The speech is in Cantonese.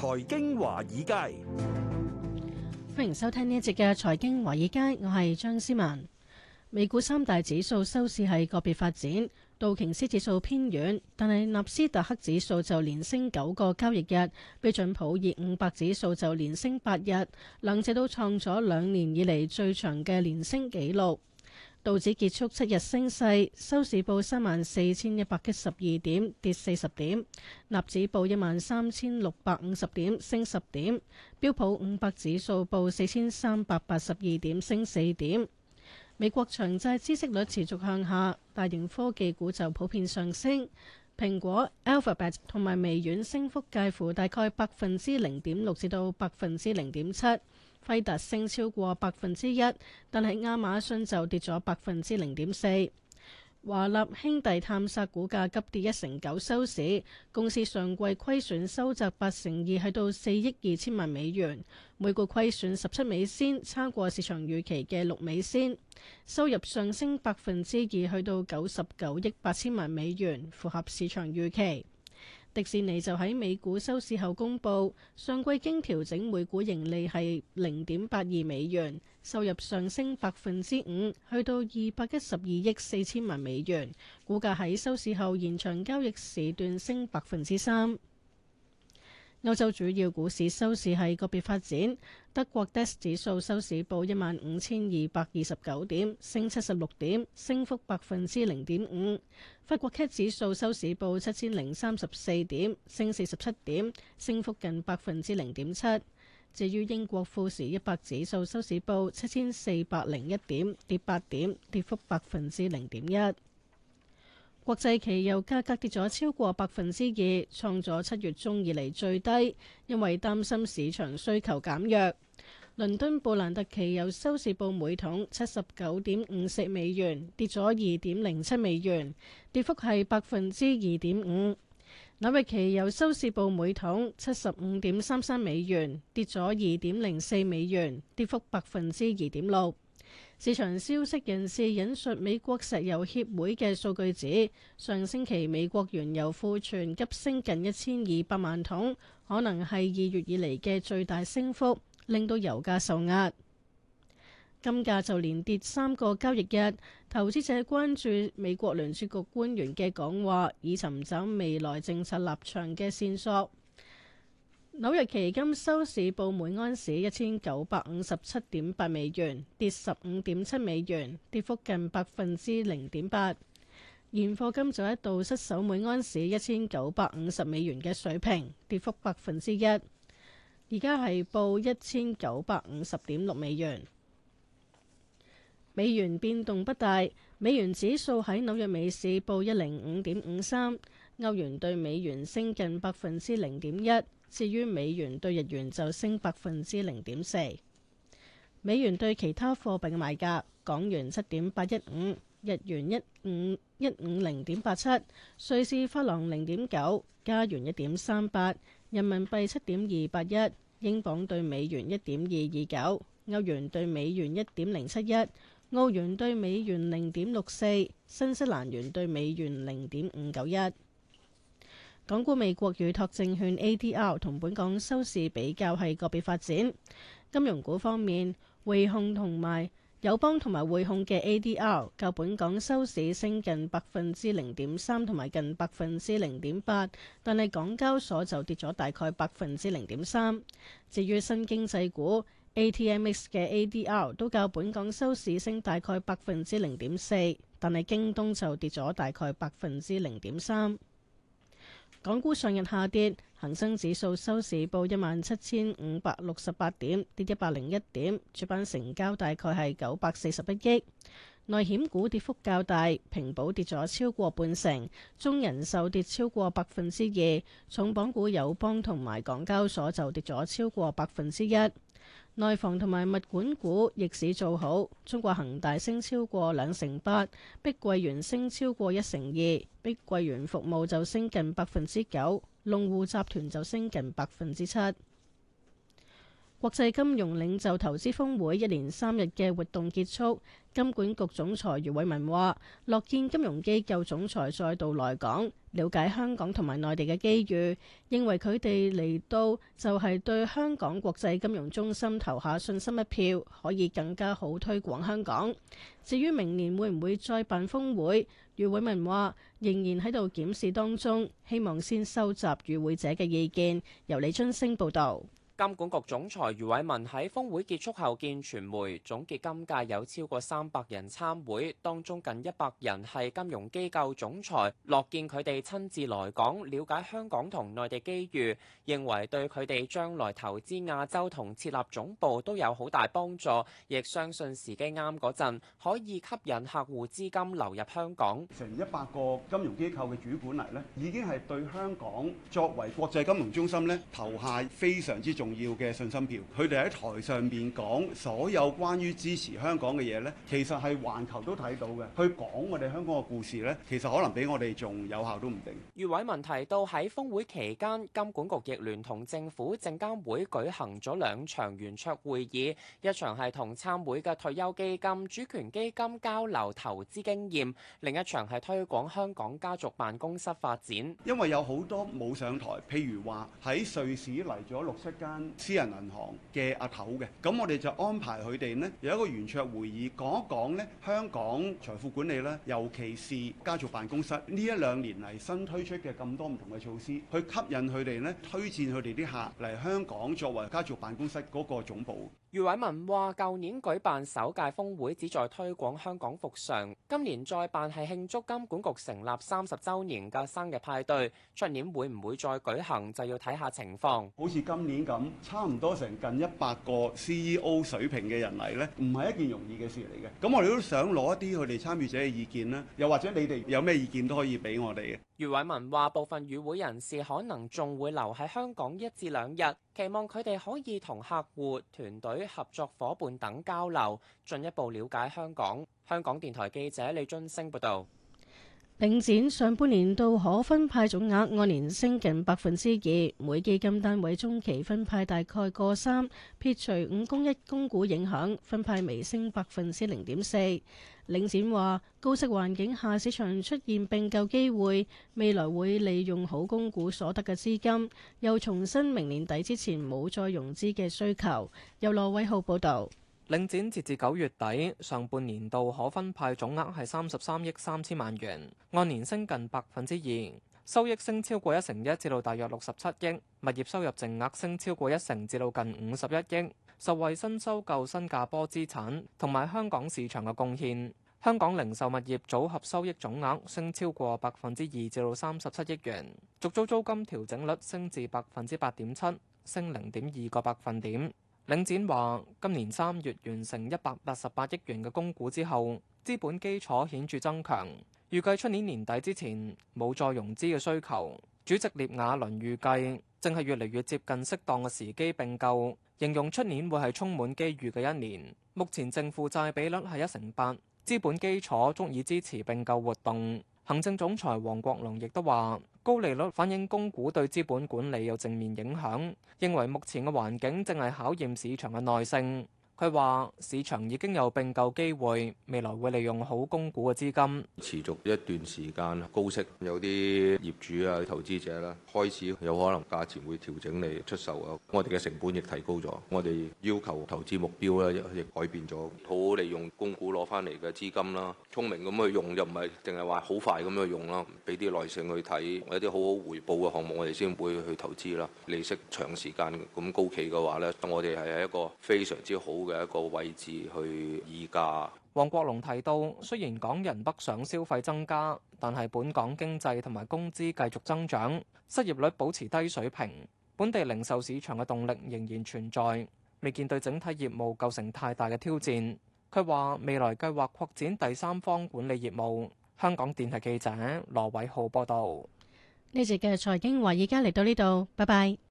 經財經華爾街，歡迎收聽呢一節嘅財經華爾街，我係張思文。美股三大指數收市係個別發展，道瓊斯指數偏軟，但係納斯達克指數就連升九個交易日，標準普爾五百指數就連升八日，兩者都創咗兩年以嚟最長嘅連升紀錄。道指結束七日升勢，收市報三萬四千一百一十二點，跌四十點；納指報一萬三千六百五十點，升十點；標普五百指數報四千三百八十二點，升四點。美國長債孳息率持續向下，大型科技股就普遍上升，蘋果、Alphabet 同埋微軟升幅介乎大概百分之零點六至到百分之零點七。輝達升超過百分之一，但係亞馬遜就跌咗百分之零點四。華納兄弟探索股價急跌一成九收市，公司上季虧損收窄八成二，去到四億二千萬美元，每股虧損十七美仙，差過市場預期嘅六美仙。收入上升百分之二，去到九十九億八千萬美元，符合市場預期。迪士尼就喺美股收市後公布，上季經調整每股盈利係零點八二美元，收入上升百分之五，去到二百一十二億四千萬美元，股價喺收市後延長交易時段升百分之三。歐洲主要股市收市係個別發展，德國 DAX 指數收市報一萬五千二百二十九點，升七十六點，升幅百分之零點五。法國 CAC 指數收市報七千零三十四點，升四十七點，升幅近百分之零點七。至於英國富時一百指數收市報七千四百零一點，跌八點，跌幅百分之零點一。國際期油價格跌咗超過百分之二，創咗七月中以嚟最低，因為擔心市場需求減弱。倫敦布蘭特期油收市報每桶七十九點五四美元，跌咗二點零七美元，跌幅係百分之二點五。紐約期油收市報每桶七十五點三三美元，跌咗二點零四美元，跌幅百分之二點六。市場消息人士引述美國石油協會嘅數據指，上星期美國原油庫存急升近一千二百萬桶，可能係二月以嚟嘅最大升幅，令到油價受壓。金價就連跌三個交易日，投資者關注美國聯儲局官員嘅講話，以尋找未來政策立場嘅線索。紐約期金收市報每安士一千九百五十七點八美元，跌十五點七美元，跌幅近百分之零點八。現貨金就一度失守每安士一千九百五十美元嘅水平，跌幅百分之一，而家係報一千九百五十點六美元。美元變動不大，美元指數喺紐約美市報一零五點五三。歐元對美元升近百分之零點一，至於美元對日元就升百分之零點四。美元對其他貨幣嘅賣價：港元七點八一五，日元一五一五零點八七，瑞士法郎零點九，加元一點三八，人民幣七點二八一，英鎊對美元一點二二九，歐元對美元一點零七一，澳元對美元零點六四，新西蘭元對美元零點五九一。港股美國預託證券 ADR 同本港收市比較係個別發展。金融股方面，匯控同埋友邦同埋匯控嘅 ADR 較本港收市升近百分之零點三同埋近百分之零點八，但係港交所就跌咗大概百分之零點三。至於新經濟股 ATMX 嘅 ADR 都較本港收市升大概百分之零點四，但係京東就跌咗大概百分之零點三。港股上日下跌，恒生指數收市報一萬七千五百六十八點，跌一百零一點，主板成交大概係九百四十一億。內險股跌幅較大，平保跌咗超過半成，中人壽跌超過百分之二，重磅股友邦同埋港交所就跌咗超過百分之一。內房同埋物管股逆市做好，中國恒大升超過兩成八，碧桂園升超過一成二，碧桂園服務就升近百分之九，龍湖集團就升近百分之七。國際金融領袖投資峰會一連三日嘅活動結束，金管局總裁余偉文話，樂見金融機構總裁再度來港，了解香港同埋內地嘅機遇，認為佢哋嚟到就係對香港國際金融中心投下信心一票，可以更加好推廣香港。至於明年會唔會再辦峰會，余偉文話仍然喺度檢視當中，希望先收集與會者嘅意見。由李津升報導。金管局總裁余偉文喺峰會結束後見傳媒，總結今屆有超過三百人參會，當中近一百人係金融機構總裁，樂見佢哋親自來港了解香港同內地機遇，認為對佢哋將來投資亞洲同設立總部都有好大幫助，亦相信時機啱陣可以吸引客戶資金流入香港。成一百個金融機構嘅主管嚟咧，已經係對香港作為國際金融中心咧投下非常之重。重要嘅信心票，佢哋喺台上面講所有關於支持香港嘅嘢咧，其實係環球都睇到嘅。去講我哋香港嘅故事咧，其實可能比我哋仲有效都唔定。余偉文提到喺峰會期間金管局亦聯同政府證監會舉行咗兩場圓桌會議，一場係同參會嘅退休基金、主權基金交流投資經驗，另一場係推廣香港家族辦公室發展。因為有好多冇上台，譬如話，喺瑞士嚟咗六七間。私人銀行嘅阿頭嘅，咁我哋就安排佢哋呢，有一個圓桌會議，講一講呢，香港財富管理呢，尤其是家族辦公室呢一兩年嚟新推出嘅咁多唔同嘅措施，去吸引佢哋呢，推薦佢哋啲客嚟香港作為家族辦公室嗰個總部。余偉文話，舊年舉辦首屆峰會，旨在推廣香港復常，今年再辦係慶祝金管局成立三十週年嘅生日派對，出年會唔會再舉行就要睇下情況。好似今年咁。差唔多成近一百個 CEO 水平嘅人嚟呢唔係一件容易嘅事嚟嘅。咁我哋都想攞一啲佢哋參與者嘅意見啦，又或者你哋有咩意見都可以俾我哋嘅。余偉文話：部分與會人士可能仲會留喺香港一至兩日，期望佢哋可以同客戶、團隊、合作伙伴等交流，進一步了解香港。香港電台記者李俊升報道。領展上半年度可分派總額按年升近百分之二，每基金單位中期分派大概過三，撇除五公一供股影響，分派微升百分之零點四。領展話高息環境下市場出現並購機會，未來會利用好供股所得嘅資金，又重申明年底之前冇再融資嘅需求。由羅偉浩報道。領展截至九月底上半年度可分派總額係三十三億三千萬元，按年升近百分之二，收益升超過一成一，至到大約六十七億，物業收入淨額升超過一成，至到近五十一億，受惠新收購新加坡資產同埋香港市場嘅貢獻，香港零售物業組合收益總額升超過百分之二，至到三十七億元，續租租金調整率升至百分之八點七，升零點二個百分點。領展話：今年三月完成一百八十八億元嘅供股之後，資本基礎顯著增強，預計出年年底之前冇再融資嘅需求。主席聶雅倫預計正係越嚟越接近適當嘅時機並購，形容出年會係充滿機遇嘅一年。目前淨負債比率係一成八，資本基礎足以支持並購活動。行政總裁王國龍亦都話。高利率反映供股對資本管理有正面影響，認為目前嘅環境正係考驗市場嘅耐性。佢話：市場已經有並購機會，未來會利用好供股嘅資金，持續一段時間高息，有啲業主啊、投資者啦，開始有可能價錢會調整嚟出售啊。我哋嘅成本亦提高咗，我哋要求投資目標咧亦改變咗，好好利用供股攞翻嚟嘅資金啦，聰明咁去用，又唔係淨係話好快咁去用啦，俾啲耐性去睇，有啲好好回報嘅項目，我哋先會去投資啦。利息長時間咁高企嘅話咧，我哋係一個非常之好嘅一個位置去議價。黃國龍提到，雖然港人北上消費增加，但係本港經濟同埋工資繼續增長，失業率保持低水平，本地零售市場嘅動力仍然存在，未見對整體業務構成太大嘅挑戰，佢話未來計劃擴展第三方管理業務，香港電台記者羅偉浩報道。呢節嘅財經話，而家嚟到呢度，拜拜。